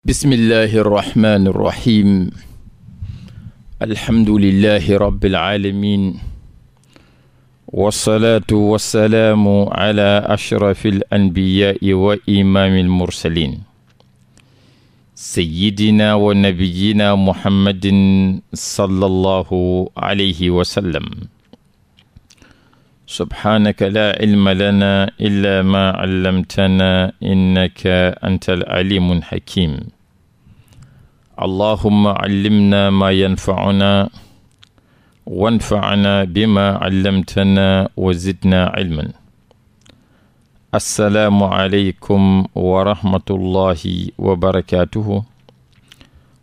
bismillahi irrahmani irrahim alhamdulilahi rabiilalamin walsalaatu walsalaamu ala ashrafi alanbiyaai wa imaami almursalin sayidina wa nabiyina muhammadin sallallahu alayhi wa sallam subhaanaka laa ilma lanaa illaa maa allamtanaa innaka antal aliimun hakiim allahumma callimnaa maa yanfacunaa wanfaanaa bimaa callamtanaa wa zidnaa cilman assalaamu aleykum wa rahmatullahi wa barakaatuhu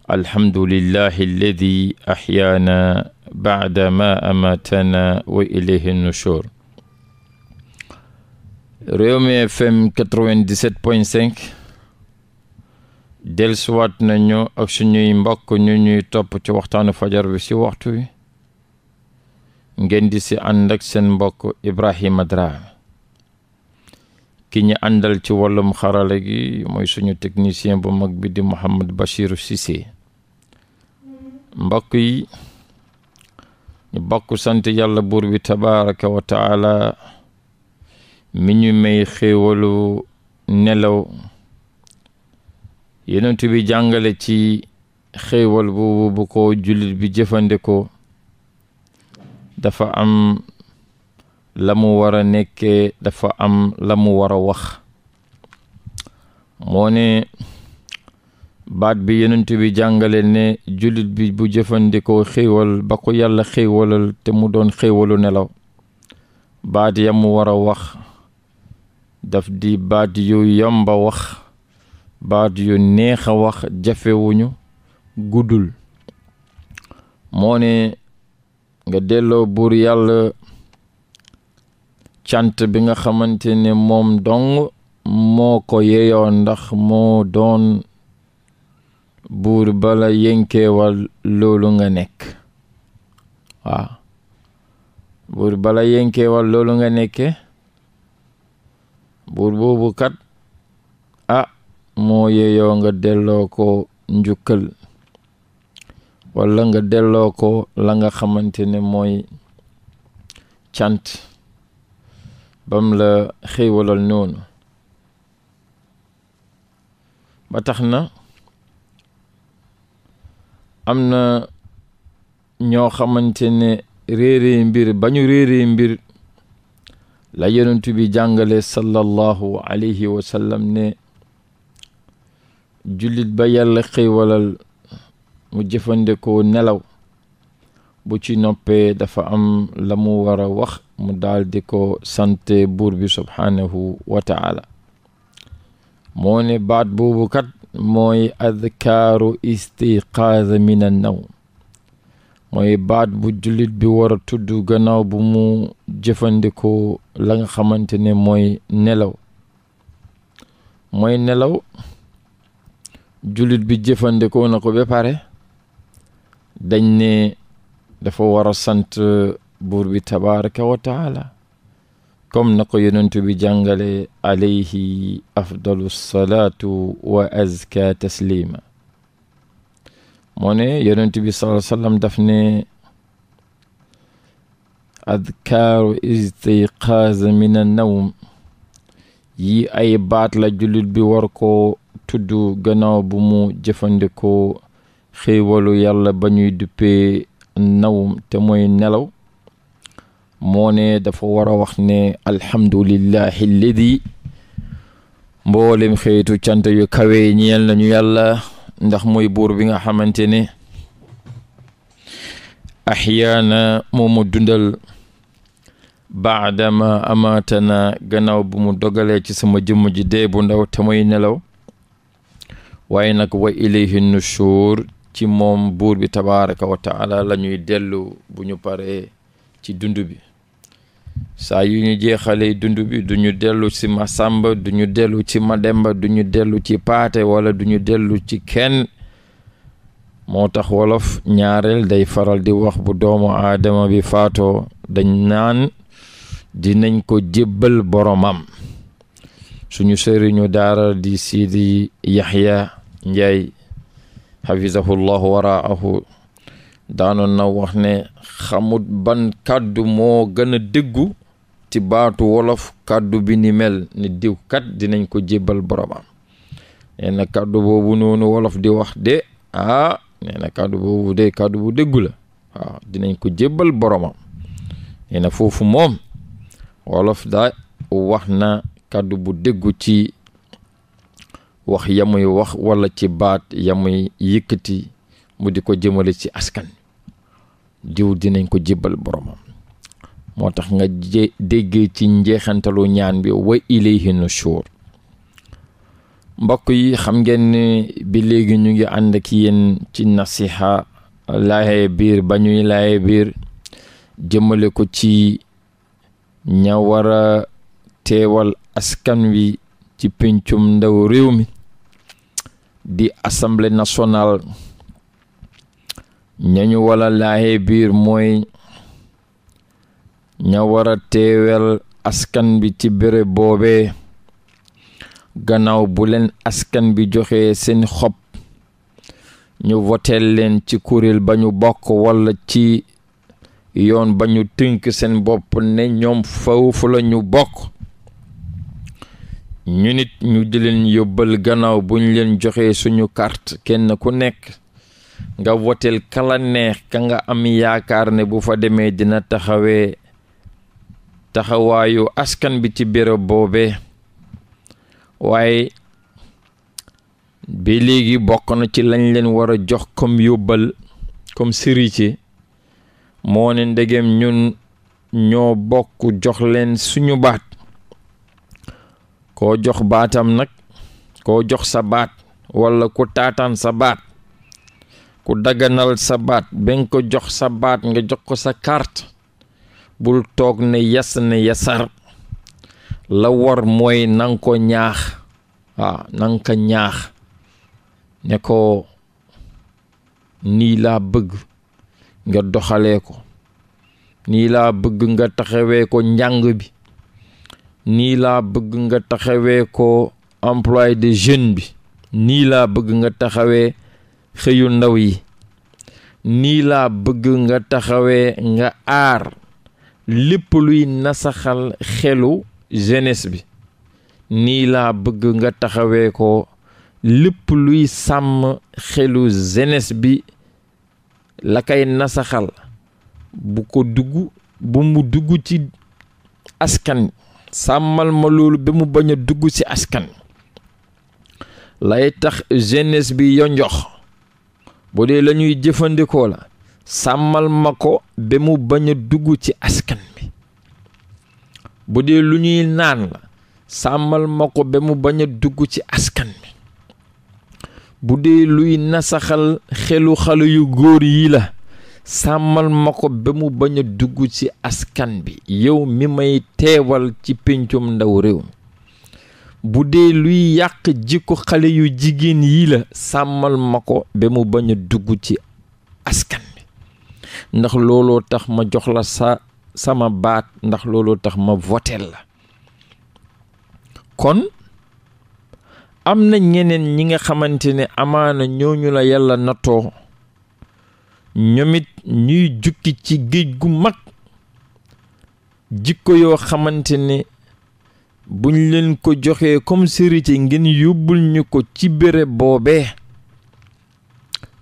alhamdulillahi alladi axyaanaa bacda maa amaatanaa wa ilayhi nushuur Rewmi FM 97.5 dellusiwaat nañu ak suñuy mbokk ñu ñuy topp ci waxtaanu fajar bi ci waxtu wi ngeen di ci ànd ak seen mbokk Ibrahima Drame ki ñu àndal ci wàllum xarala gi mooy suñu technicien bu mag bi di Mouhamed Bachir Cissé mbokk yi ñu bokk sant yàlla buur bi tabaraka wa mi ñu may xéewalu nelaw yonent bi jàngale ci xéewal boobu bu ko jullit bi jëfandikoo dafa am la mu war a dafa am la mu war a wax moo ne baat bi yonent bi jàngale ne jullit bi bu jëfandikoo xéewal ba ko yàlla xéewalal te mu doon xéewalu nelaw baat ya mu war a wax daf di baat yu yomba wax baat yu neex a wax jafewuñu guddul moo ne nga delloo buur yàlla cant bi nga xamante ne moom dong moo ko yeyoo ndax moo doon buur bala yënkeewal loolu nga nekk waaw buur bala yënkeewal loolu nga nekke buur boobu kat a ah, moo yeeyoo nga delloo ko njukkal walla nga delloo ko la nga xamante ne mooy cant bam la xéewalal noonu ba tax na am na ñoo xamante ne réere mbir ba ñu réere mbir la yonent bi jàngale sallallahu alayhi wa sallam ne jullit ba yàlla xéewalal mu jëfandikoo nelaw bu ci noppee dafa am la mu war a wax mu daldi ko sante buur bi subhaanahu wa taala moo ne baat boobu kat mooy adkaaru istiqaaza min an nawm mooy baat bu jullit bi war a tudd gannaaw bu mu jëfandikoo la xamante ne mooy nelaw mooy nelaw jullit bi jëfandikoo na ko ba pare dañ ne dafa war a sant buur bi tabaraka wa taala na ko yonentu bi jàngale alayhi afdalu salaatu wa azka taslima moo ne yonent bi sallallahu alayhi daf ne adkaaru istiqaaza min an nawm yi ay baat la jullit bi war koo tudd gannaaw bu mu jëfandikoo xéewalu yàlla ba ñuy duppee nawm te mooy nelaw moo ne dafa war a wax ne alhamdulillahi alladi mboolem xeetu cant yu kawe ñeel nañu yàlla ndax mooy buur bi nga xamante ni ne axyaana moomu dundal baadama amaatana gannaaw bu mu dogalee ci sama jëmm ji dee bu ndaw te muy nelaw waaye nag wa ilayhi nushur ci moom buur bi tabaraka wa taala la dellu bu ñu paree ci dund bi saa yu ñu jeexalee dund bi du dellu ci ma sàmba du ñu dellu ci ma demba du dellu ci paate wala duñu dellu ci kenn moo tax wolof ñaareel day faral di wax bu doomu aadama bi faatoo dañ naan dinañ ko jébbal boromam suñu sëriñu daara di siidi yaxya njaay xafizahullahu waraahu daanoon na wax ne xamut ban kàddu moo gën a déggu ci baatu wolof kàddu bi ni mel ni diw kat dinañ ko jébbal boromam nee kàddu boobu noonu wolof di wax de ah nee kàddu boobu de kàddu bu déggu la waaw dinañ ko jébbal boromam nee foofu moom wolof da wax na kàddu bu déggu ci wax yamuy wax walla ci baat yamuy yëkkati mu di ko jëmale ci askan diw dinañ ko jébbal boromam moo tax nga déggee ci njeexantalu ñaan bi wa ilayhi nushur mbokk yi xam ngeen bi léegi ñu ngi ànd ak yéen ci nasiha laaye biir ba ñuy laaye biir jëmmale ko ci ña war a teewal askan wi ci péncum ndaw réew mi di assemblée nationale ñañu wala laaye biir mooy ña wara a teewel askan bi ci béré boobee gannaaw bu leen askan bi joxe seen xob ñu woteel leen ci kuréel ba ñu bokk wala ci yoon ba ñu tënk seen bopp ne ñoom fawfu la ñu bokk ñu nit ñu di leen yóbbal gannaaw buñ leen joxe suñu kart kenn ku nekk nga woteel kala ka nga am yaakaar ne bu fa demee dina taxawee taxawaayu askan bi ci béréb boobee waaye bi léegi bokk na ci lañ leen war a jox comme yóbbal comme sérité moo ne ndegem ñun ñoo bokk jox leen suñu baat koo jox baatam nag koo jox sa baat walla ku taataan sa baat ku daganal sa baat ba ko jox sa baat nga jox ko sa carte bul toog ne yas ne yasar la war mooy nanga ko ñaax waaw nanga ko ñaax ne ko nii laa bëgg nga doxalee ko nii laa bëgg nga taxawee ko njàng bi nii laa bëgg nga taxawee ko emploi de jeune bi nii laa bëgg nga taxawee xëyu ndaw yi nii laa bëgg nga taxawee nga aar lépp luy nasaxal xelu jeunesse bi nii laa bëgg nga taxawee ko lépp luy sàmm xelu genes bi la kay nasaxal bu ko dugg bu mu dugg ci askan sàmmal ma loolu ba mu bañ a dugg ci askan lay tax genes bi yonjox bu dee la ñuy jëfandikoo la sàmmal ma ko ba ci askan bu dee lu ñuy naan la sàmmal ma ko ba mu bañ a dugg ci askan bi bu dee luy nasaxal xelu xale yu góor yi la sàmmal ma ko ba mu bañ a dugg ci askan bi yow mi may teewal ci péncum ndaw réew bu dee luy yàq jikko xale yu jigéen yi la sàmmal ma ko ba mu bañ a dugg ci askan bi ndax looloo tax ma jox la sama baat ndax looloo tax ma votel la kon am na ñeneen ñi nga xamante ne amaana ñooñu la yàlla nattoo ñoomit ñuy jukki ci géej gu mag jikko yoo xamante ni bu ñu leen ko joxee comme sérité ngeen yóbbul ñu ko ci béréb boobee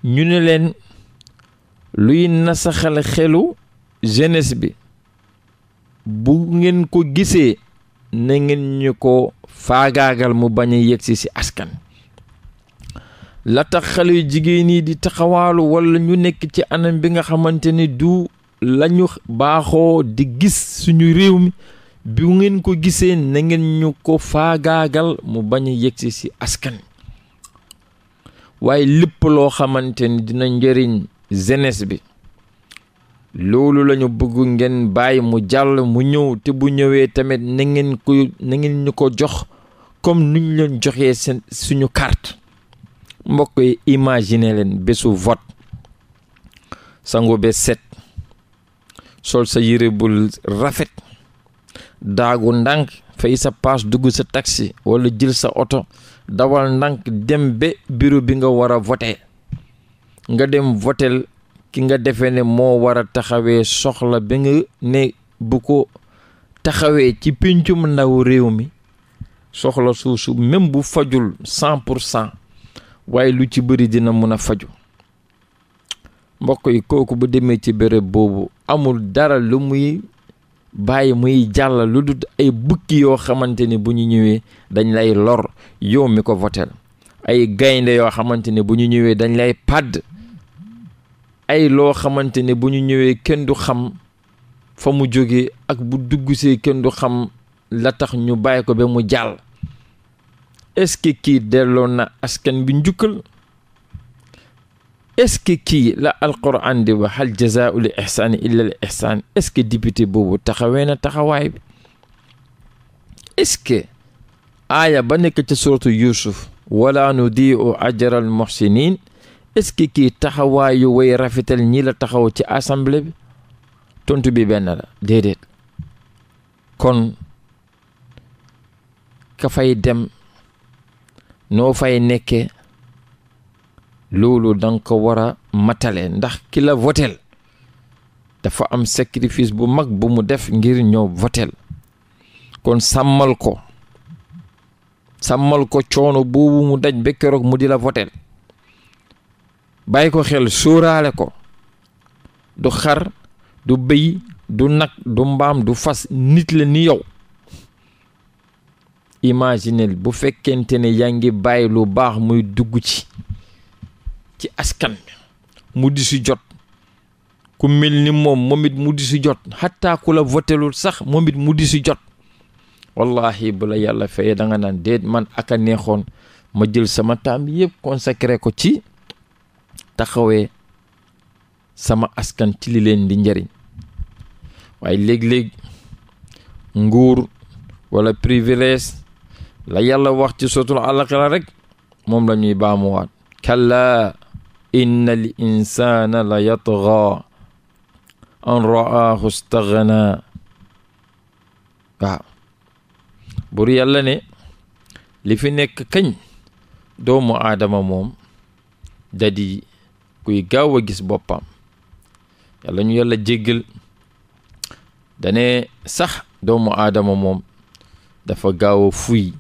ñu ne leen luy nasaxal xelu jeunesse bi bu ngeen ko gisee na ngeen ñu ko faagaagal mu bañ a yegsi ci askan la tax xale jigéen yi di taxawaalu walla ñu nekk ci anam bi nga xamante ni du lañu baaxoo di gis suñu réew mi bi ngeen ko gisee na ñu ko faagaagal mu bañ a yegsi ci askan waaye lépp loo xamante ni dina njariñ jeunesse bi loolu lañu bëgg ngeen bàyyi mu jàll mu ñëw te bu ñëwee tamit na ngeen ko na ñu ko jox comme nuñ leen joxee seen suñu carte mbokk yi imaginer leen bésu vote sango be set sol sa yére bu rafet daagu ndànk fay sa paas dugg sa taksi wala jël sa oto dawal ndànk dem ba bureau bi nga war a voté nga dem votel ki nga defee ne moo war a taxawee soxla bi nga ne bu ko taxawee ci pincum ndaw réew mi soxla suusu même bu fajul cent pour cent waaye lu ci bëri dina mën a faju mbokk yi kooku bu demee ci bërëb boobu amul dara lu muy bàyyi muy jàll lu dut ay bukki yoo xamante ni bu ñu ñëwee dañ lay lor yow mi ko voteel ay gaynde yoo xamante ni bu ñu ñëwee dañ lay pàdd ay loo xamante ne bu ñu ñëwee kenn du xam fa mu jóge ak bu duggsee kenn du xam la tax ñu bàyyi ko bi mu jàll est-ce que kii delloon na askan bi njukkal est-ce que kii la alquran di wax hal jazaau li ihsaani ihsaan est-ce que boobu taxawee na taxawaay bi est aaya ba nekk ca suratu yusuf wala nu diu ajra al muhsinin est-ce que kii taxawaayu way rafetal ñi la taxaw ci assemblée bi tontu bi benn la déedéet kon ka fay dem noo fay nekke loolu da ko war a matale ndax ki la votel dafa am sacrifice bu mag bu mu def ngir ñëw votel kon sàmmal ko sàmmal ko coono boobu mu daj bekkeroog mu di la votel bàyyi ko xel sóoraale ko du xar du bëy du nag du mbaam du fas nit la ni yow imaginel bu fekkente ne yaa ngi bàyyi lu baax muy dugg ci ci askan mu di si jot ku ni moom moom it mu di si jot xataa ku la votelul sax moom mu di su jot wallahi bu la yàlla fayee da nga naan déet man ak a neexoon ma jël sama temps yëpp consacré ko ci taxawee sama askan ci li leen di njëriñ waaye léeg léegi nguur wala privilège la yàlla wax ci sotul àllaaxira rek moom la ñuy baamuwaat kalla innal insaana la yatghaa an ra'aahu staghnaa waaw bur yàlla ne li fi nekk kañ doomu aadama moom dadi kuy gaaw a gis boppam yàlla ñu yàlla jéggal dane sax doomu aadama moom dafa gaaw a fuy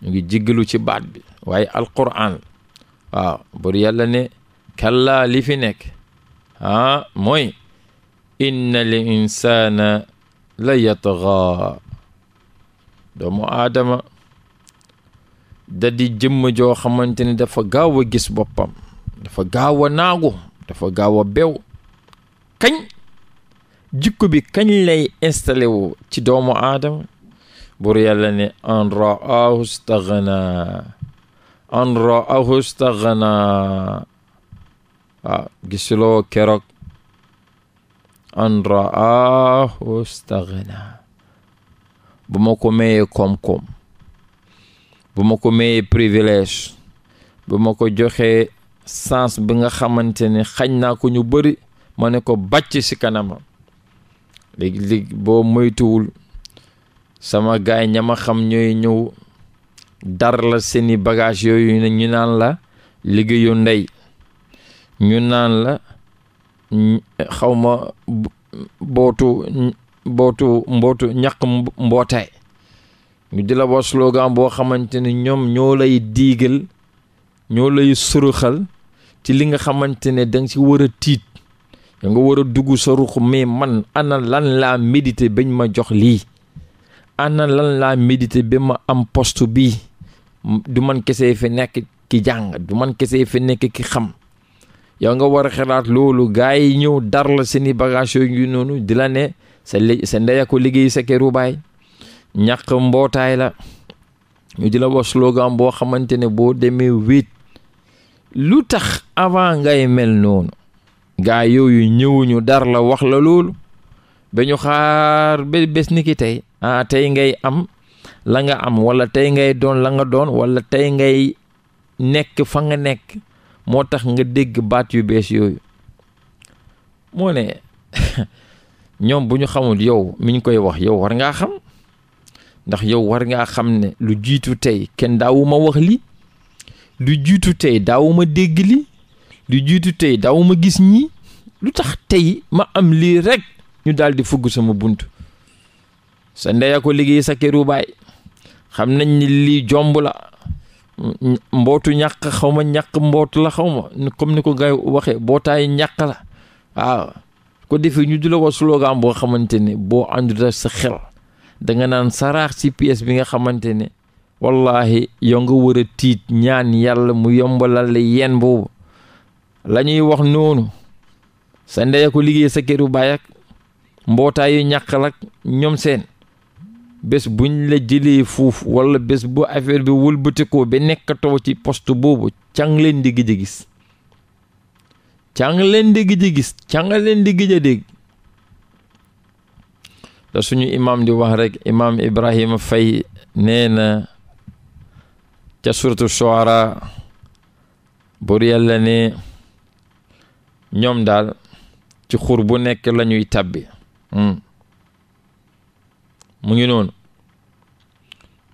ñu ngi jéggalu ci baat bi waaye alquran waaw bur yàlla ne kallaa li fi nekk mooy inna li insaana la yatghaa doomu aadama da di jëmm joo xamante ni dafa gaaw a gis boppam dafa gaaw a naagu dafa gaaw a bew kañ jikko bi kañ lay installé wu ci doomu aadama bur yàlla ne an raahu staghna an raahu staghna ah gisuloo keroog endroit raahu staghna bu ma ko mayee koom-koom bu ma ko mayee privilège bu ma ko joxee sens bi nga xamante ne xañ naa ko ñu bëri ma ne ko bàcc ci kanamam léegi léegi boo moytuwul sama gaay ña ma xam ñooy ñëw dar la seeni bagage yooyu ñu naan la liggéeyu ndey ñu naan la xawma bootu bootu mbootu ñàq mbootaay ñu di la wax slogan boo xamante ne ñoom ñoo lay diigal ñoo lay suruxal ci li nga xamante ne danga ci war a tiit danga nga war a dugg sa ruux mais man ana lan laa médité bañ ma jox lii ana lan laa médité ba ma am poste bii du man kese fi nekk ki jàng du man kese fi nekk ki xam yow nga war a xalaat loolu gaa yi ñëw dar la seeni bagage yooyu noonu di la ne sa li sa ndeya ko liggéey sa këru baay ñàq mbootaay la ñu di la wax slogan boo xamante ne boo demee wéet lu tax avant ngay mel noonu gaa yooyu ñëwuñu dar la wax la loolu ba ñu xaar ba bés ni ki tey ah tey ngay am la nga am wala tey ngay doon la nga doon walla tey ngay nekk fa nga nekk moo tax nga dégg baat yu bees yooyu moo ne ñoom bu ñu xamul yow mi ñu koy wax yow war ngaa xam ndax yow war ngaa xam ne lu jiitu tey kenn daawuma wax li lu jiitu tey daawuma dégg li lu jiitu tey daawuma gis ñi lu tax tey ma am lii rekk ñu daldi fugg sama bunt sa ndeya ko liggéey sa këru xam nañ ni lii jomb la mbootu ñàq xaw ma ñàq mbootu la xaw ma comme ni ko gay waxee bootaayu ñàkk la waaw ko defee ñu di la wax slogan boo xamante ni boo àndul sa xel danga naan saraax ci pièce bi nga xamante ne wallahi yow nga war a tiit ñaan yàlla mu yombalal la yeen boobu la ñuy wax noonu sa ndey ko liggéey sa këru baay ak mbootaayu ñàq la ñoom seen. bés buñ la jilee foofu walla bés bu affaire bi wëlbatikoo ba nekkatoo ci poste boobu càng leen di gëj gis càng leen di gëj gis càng leen di gëj a dégg da suñu imam di wax rek imaam Ibrahima Faye nee na ca suratu Shuara bur yàlla ne ñoom daal ci xur bu nekk lañuy tàbbi hmm. mu ngi noonu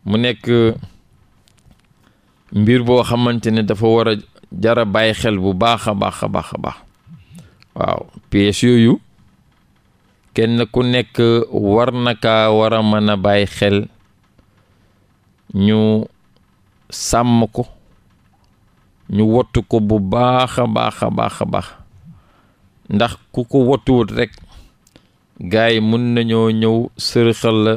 mu nekk mbir boo xamante ne dafa war a jara bàyyi xel bu baax a baax a baax baax waaw pièces yooyu kenn ku nekk war na ka war a mën a bàyyi xel ñu sàmm ko ñu wattu ko bu baax a baax a baax a baax ndax ku ko wattuwut rekk gars yi mun nañoo ñëw sërxal la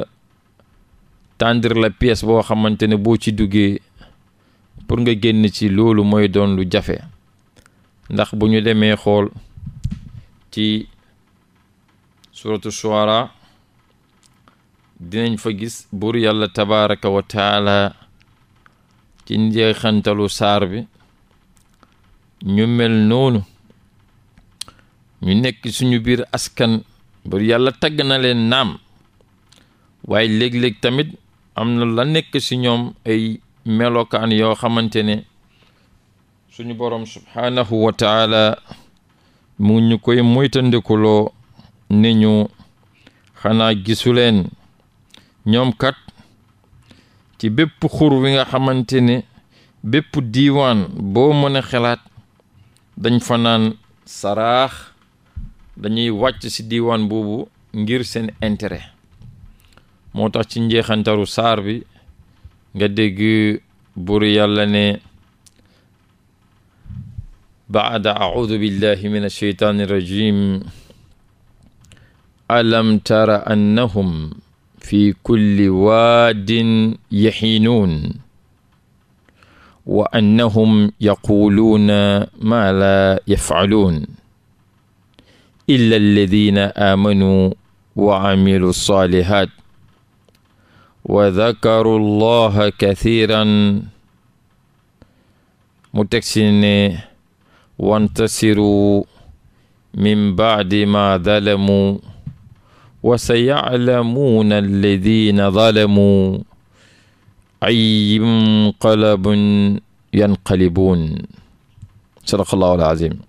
tendre la pièce boo xamante ne boo ci duggee pour nga génn ci loolu mooy doon lu jafe ndax bu ñu demee xool ci suratu Shuara dinañ fa gis buur yàlla tabaraka wa ci njeexantalu saar bi ñu mel noonu ñu nekk suñu biir askan bur yàlla tagg na leen naam waaye léeg-léeg tamit am na la nekk ci ñoom ay melokaan yoo xamante ne suñu boroom subhaanahu wa mu ñu koy moytandikuloo ne ñu xanaa gisuleen ñoom kat ci bépp xur wi nga xamante ne bépp diiwaan boo mën a xalaat dañ fanaan saraax dañuy wàcc ci diwaan boobu ngir seen intérêt moo tax ci njeexantaru saar bi nga dégg buur yàlla ne baada audu billahi min alsheytaani irrajim alam fi kul waadin yaxiinuun wa annahum yaquuluuna maa laa illa alladina aamanuu wa amilu saalihaat wa dakaru llaha kathiran mu teg si ne wantasiru min baadi ma dalamuu wa sa yaclamuuna alladina dalamuu ayim qalabun yanqalibuun sadaqallahu alazim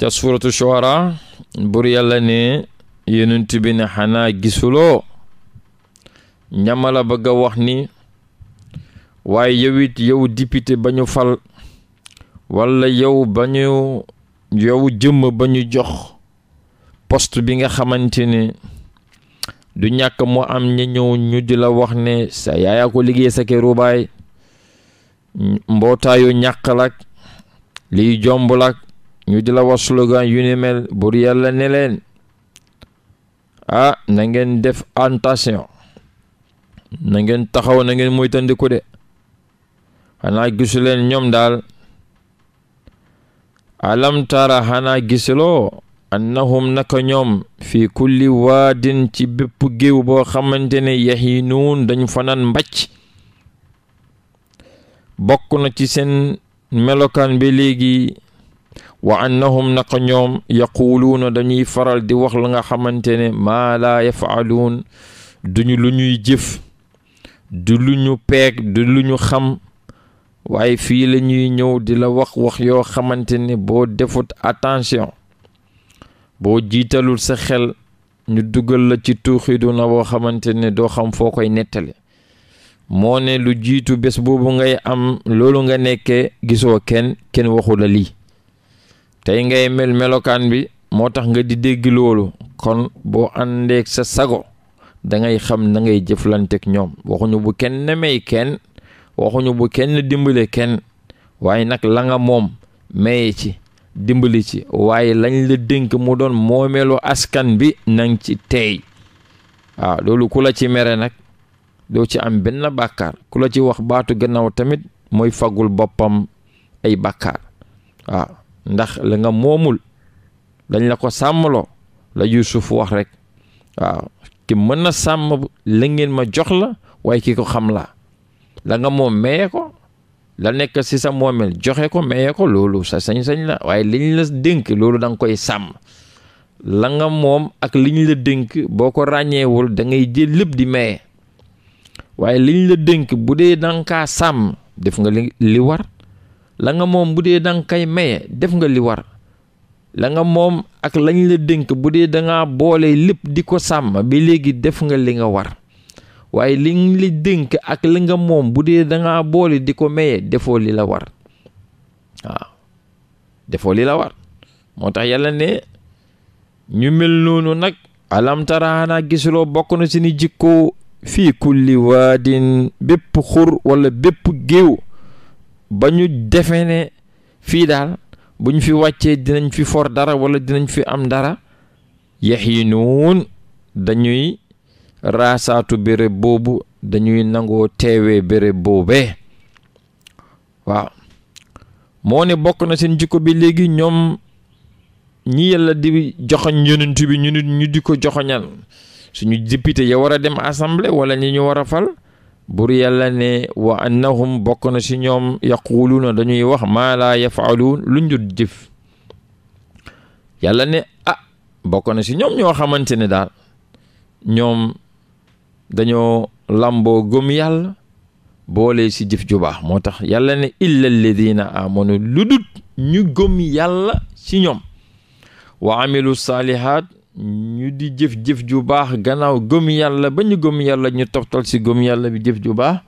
ca suuratu Shuara bur yàlla ne yonent bi ne xanaa gisuloo ñamala bëgg a wax ni waaye yowit yow député ba ñu fal walla yow ba ñu yow jëmm ba ñu jox post bi nga xamante ne du ñàkk mu am ñi ñëw ñu di la wax ne sa yaayaa ko liggéey sa këru baay mbootaayu ñàkk lak liy jomb lak ñu di la wax slogan yu ni mel bur yàlla ne leen ah na ngeen def attention na ngeen taxaw na ngeen moytandiku de xanaa gisu ñoom daal alam tara xanaa gisuloo annahum naka ñoom fii kulli waadin ci bépp géew boo xamante ne yaxiinuun dañ fanaan mbàcc bokk na ci seen melokaan bi léegi wa annahum naka ñoom yaquluuna dañuy faral di wax la nga xamante ne maa laa yafaaluun duñu lu ñuy jëf du lu ñu peeg du lu ñu xam waaye fii lañuy ñëw di la wax wax yoo xamante ne boo defut attention boo jiitalul sa xel ñu dugal la ci tuuxidu na boo xamante ne doo xam foo koy nettale moo ne lu jiitu bés boobu ngay am loolu nga nekkee gisoo kenn kenn waxu la lii tey ngay mel melokaan bi moo tax nga di dégg loolu kon boo àndeek sa sago dangay xam nangay ngay jëflanteek ñoom waxuñu bu kenn may kenn waxuñu bu kenn dimbalee kenn waaye nag la nga moom maye ci dimbali ci waaye lañ la dénk mu doon moomeelu askan bi nang ci tey waaw loolu ku la ci mere nag doo ci am benn bàkkaar ku la ci wax baatu gannaaw tamit mooy fagul boppam ay bàkkaar waaw ndax la nga moomul dañ la ko sàmmloo la Yuusuf wax rek waaw ki mën na sàmm la ngeen ma jox la waaye ki ko xam la la nga moom maye ko la nekk si sa moomeel joxe ko maye ko loolu sa sañ-sañ la waaye liñ la dénk loolu danga koy sàmm la nga moom ak liñ la dénk boo ko ràññeewul dangay ngay jël lépp di maye waaye liñ la dénk bu dee da kaa sàmm def nga li war la nga moom bu dee danga koy maye def nga li war la nga moom ak lañ la dénk bu dee danga boole lépp di ko sàmm bi léegi def nga li nga war waaye li la dénk ak li nga moom bu dee danga boole di ko maye defoo li la war waaw defoo li la war moo tax yàlla ne ñu mel noonu nag alam taraana gisuloo bokk na seeni ni jikko fii kulli waadin bépp xur walla bépp géew ba ñu defee ne fii daal bu ñu fi wàccee dinañ fi for dara wala dinañ fi am dara yex yi nuun dañuy raasaatu béréb boobu dañuy nangoo teewee béréb boobee waaw moo ne bokk na seen jikko bi léegi ñoom ñi yàlla di joxoñ yonent bi ñu ñu di ko joxoñal suñu député ya war a dem assemblée wala ñi ñu war a fal bur yàlla ne wa annahum bokk na si ñoom yaquluuna dañuy wax maa laa yafaaluun luñ dul jëf ne ah bokk na ci ñoom ñoo xamante ne daal ñoom dañoo lamboo gëm yàlla boole si jëf ju baax moo tax yàlla ne illa alladina amanu lu ñu gëm yàlla ci ñoom wa amilu saalihaat ñu di jëf-jëf ju baax gannaaw gëm yàlla ba ñu gëm yàlla ñu toftal si gëm yàlla bi jëf ju baax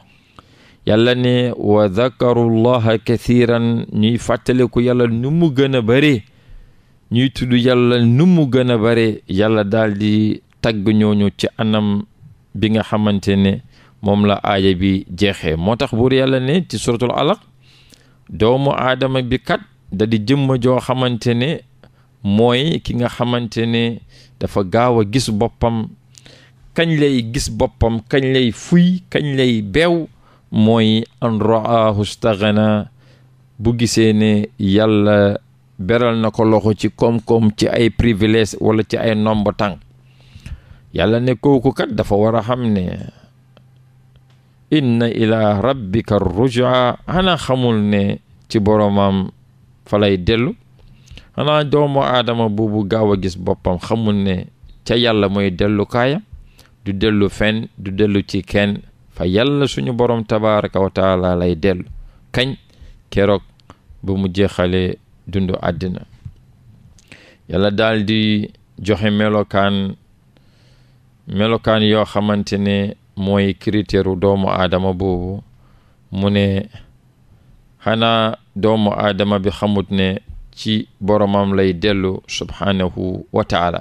yàlla ne wa dakarullaha kathiran ñuy fàttaliku yàlla nu mu gën a bare ñuy tudd yàlla nu mu gën a bare yàlla daal di tagg ñooñu ci anam bi nga xamante ne moom la aaya bi jeexee moo tax buur yàlla ne ci suratul alaq doomu aadama bi kat da jëmm joo xamante ne mooy ki nga xamante ne dafa gaaw a gis boppam kañ lay gis boppam kañ lay fuy kañ lay beew mooy an raahu staghna bu gisee ne yàlla beral na ko loxo ci koom-koom ci ay privilège wala ci ay nombre tànk yàlla ne kat dafa war a xam ne inna ila rabbika rujaa xanaa xamul ne ci boromam falay dellu xanaa doomu aadama boobu gaaw a gis boppam xamul ne ca yàlla mooy dellu kaayam du dellu fenn du dellu ci kenn fa yàlla suñu borom tabaraka wa lay dellu kañ keroog ba mu jeexalee dundu àddina yàlla daal di joxe melokaan melokaan yoo xamante ne mooy critère doomu aadama boobu mu ne xanaa doomu aadama bi xamut ne ci boromam lay dellu subhaanahu wa taala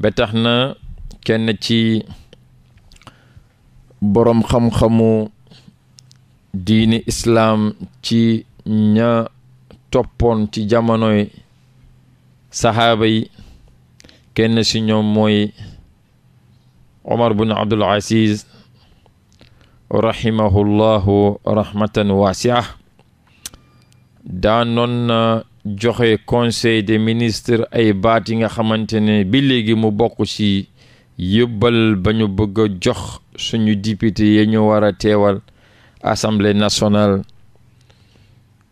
ba tax na kenn ci boroom xam diini islaam ci ña toppoon ci jamonoy saxaaba yi kenn ci ñoom mooy omar bun abdul aziz rahimahullahu rahmatan waasiah daanoon na joxe conseil de ministre ay baat yi nga xamante ne bi léegi mu bokk ci yóbbal ba ñu bëgg a jox suñu député yi ñu war a teewal assemblée nationale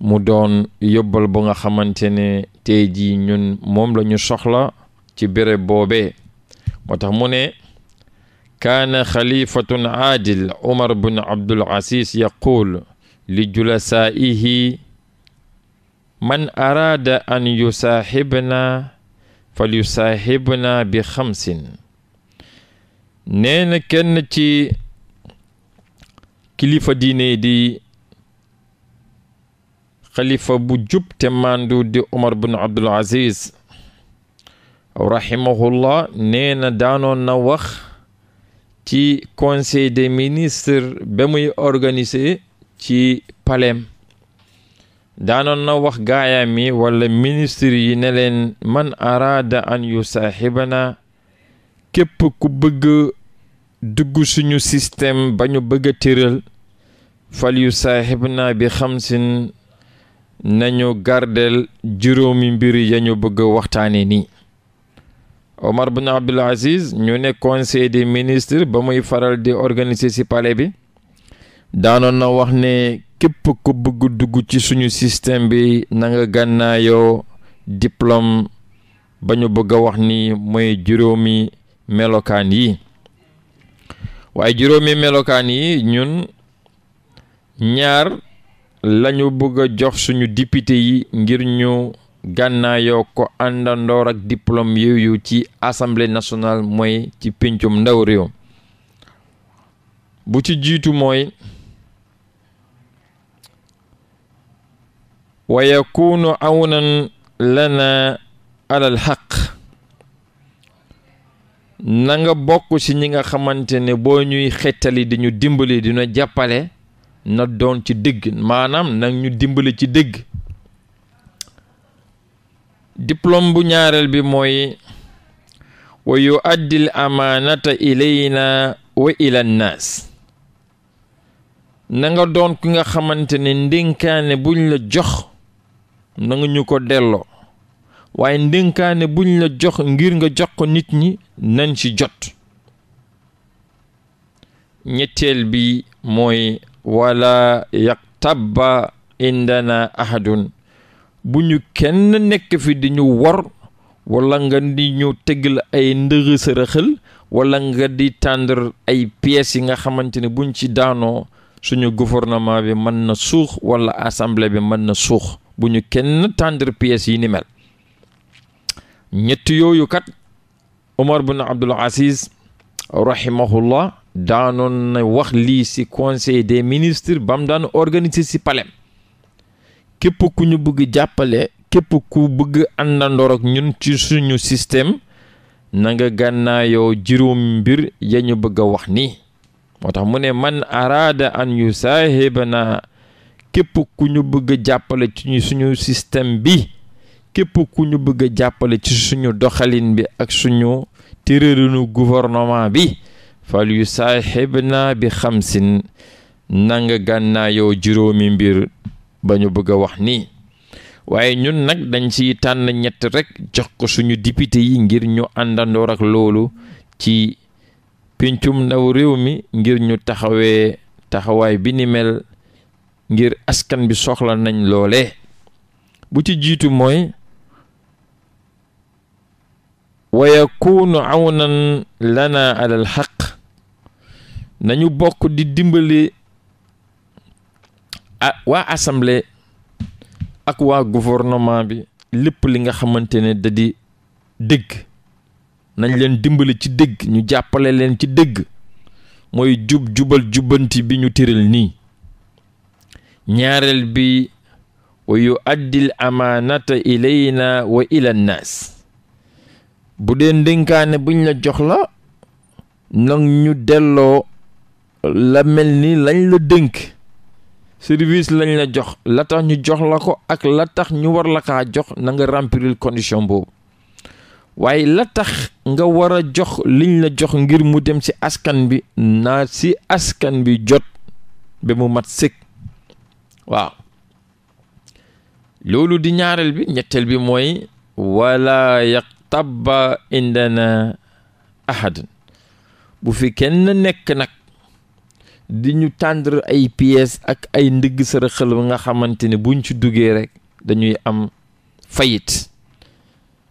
mu doon yobbal bu nga xamante ne tey jii ñun moom la ñu soxla ci béréb boobee moo tax mu ne kaana xalifatun aadil umar bun abdul asis yaquul li julasaaihi man araada an yusaahibna fal yusaahibna bi xamsin nee na kenn ci kilifa diine di xalifa bu jub te mandu di Omar bin Abdul Aziz rahimahullah nee na daanoon na wax ci conseil des ministres ba muy organiser ci palem daanoon na wax gaayaam yi walla ministre yi ne leen man araada an yu saaxibana képp ku bëgg dugg suñu système ba ñu bëgg a tëral fal yu saaxibna bi xamsin nañu gardel juróomi mbir ya ñu bëgg waxtaane nii Omar bin Abdul Aziz ñu ne conseil des ministre ba muy faral di organiser ci bi daanoon na wax ne képp ku bëgg dugg ci suñu système bi nanga nga gànnaayoo diplôme ba ñu bëgg wax ni mooy juróomi melokaan yi waaye juróomi melokaan yi ñun ñaar lañu bëgg jox suñu député yi ngir ñu gànnaayoo ko àndandoor ak diplôme yooyu ci assamble nationale mooy ci péncum ndaw réew bu ci jiitu mooy wa yakunu awnan lana alal xaq nanga nga bokk ci ñi nga xamante ne boo ñuy xettali di ñu dimbali dina jàppale na doon ci dëgg maanaam nag ñu dimbali ci dëgg diplôme bu ñaareel bi mooy wa yuaddil amaanata ilayna wa ila nnaas na nga doon ki nga xamante ne ndénkaane buñ la jox nanga ñu ko delloo waaye ndénkaane buñ la jox ngir nga jox ko nit ñi nañ ci jot ñetteel bi mooy wala yaqtabba indana ahadun bu ñu kenn nekk fi di ñu wor wala nga di ñu tegal ay ndëgë sërëxël wala nga di tàndar ay pièces yi nga xamante ne buñ ci daanoo suñu gouvernement bi mën na suux wala assemblée bi mën na suux bu ñu kenn tendre pièces yi ni mel ñett yooyu kat Omar bin Abdul Aziz rahimahullah daanoon na wax lii ci conseil des ministres bam daan organiser ci palem képp ku ñu bëgg jàppale képp ku bëgg àndandoor ak ñun ci suñu système na nga gànnaayoo juróom mbir ya ñu bëgg a wax nii moo tax mu ne man araada an yusaahibana képp ku ñu bëgg jàppale suñu système bi képp ku ñu bëgg a jàppale ci suñu doxalin bi ak suñu tërërinu gouvernement bi fal yu saaxib naa bi si nanga gànnaayoo juróomi mbir ba ñu bëgg a wax nii waaye ñun nag dañ ciy tànn ñett rekk jox ko suñu député yi ngir ñu àndandoor ak loolu ci pincum ndaw réew mi ngir ñu taxawee taxawaay bi ni mel ngir askan bi soxla nañ loole bu ci jiitu mooy wa yakunu awnan lana alal xaq nañu bokk di dimbali waa assemblée ak waa gouvernement bi lépp li nga xamante ne dëgg nañ leen dimbali ci dëgg ñu jàppale leen ci dëgg mooy jub jubal jubanti bi ñu tëral nii ñaareel bi wa yu addil amaanata ilayna wa ila nnaas bu dee ndénkaane buñ la jox la nag ñu delloo la mel ni lañ la dënk service lañ la jox la tax ñu jox la ko ak la tax ñu war la jox na nga remplir condition boobu waaye la tax nga war a jox liñ la jox ngir mu dem ci askan bi naa ci askan bi jot ba mu mat sëkk waaw loolu di ñaareel bi ñetteel bi mooy wala yaqtabba indana ahad bu fi kenn nekk nag di ñu tàndar ay pièces ak ay ndigg sërëxal nga xamante ne buñ ci duggee rek dañuy am fayit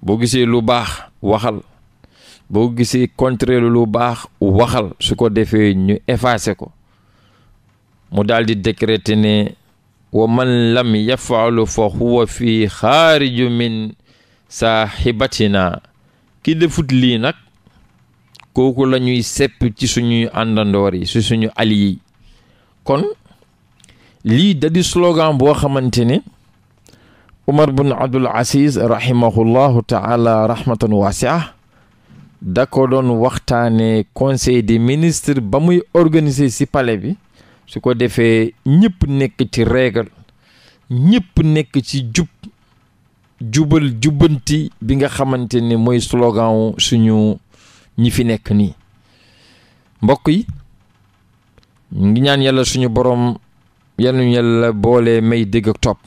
boo gisee lu baax waxal boo gisee contraire lu baax waxal su ko defee ñu effacé ko mu daldi di ne wa man lam yafalu fa huwa fi xaariju min saaxibatina ki defut lii nag kooku la ñuy sepp ci suñuy àndandoor yi ci suñu ali kon lii da di slogan boo xamante ne Umar bun Abdul Aziz rahimahullahu taala rahmatan wasia da ko doon waxtaane conseil des ministres ba muy organise ci palais bi su ko defee ñépp nekk ci régal ñëpp nekk ci jub jubal jubbanti bi nga xamante ni mooy slogan suñu ñi fi nekk nii mbokk yi ñu ngi ñaan yàlla suñu borom yàlla ñu yàlla boole may dégg topp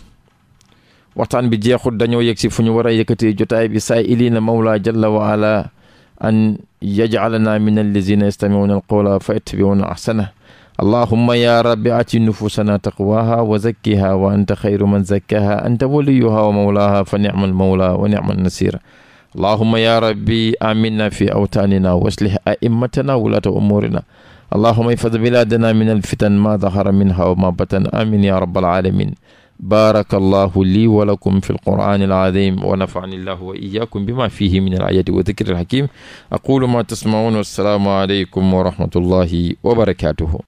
waxtaan bi jeexul dañoo yegg ci fu ñu war a yëkkatee jotaay bi saa ilina mawla jalla wa ala an yajalana min allazina yastamiuna alqawla fa yattabiuna ahsana allahumma ya rabbi ati nufusana taqwaha wa zakkiha wa anta xayru man zakkaha anta waliyuha wa mawlaha fa ni'mal mawla wa ni'mal nasira allahumma ya rabbi aminna fi awtaanina wa aslih a'immatana wulata umurina allahumma ihfaz biladana min alfitan ma dahara minha wa ma batan amin ya rabbal alamin baraka allahu lii wa lakum fi alqur'ani alazim wa nafa'ani allahu wa iyyakum bima fihi min alayati wa dhikri alhakim aqulu ma tasma'un wassalaamu aleykum wa rahmatullahi wa barakatuhu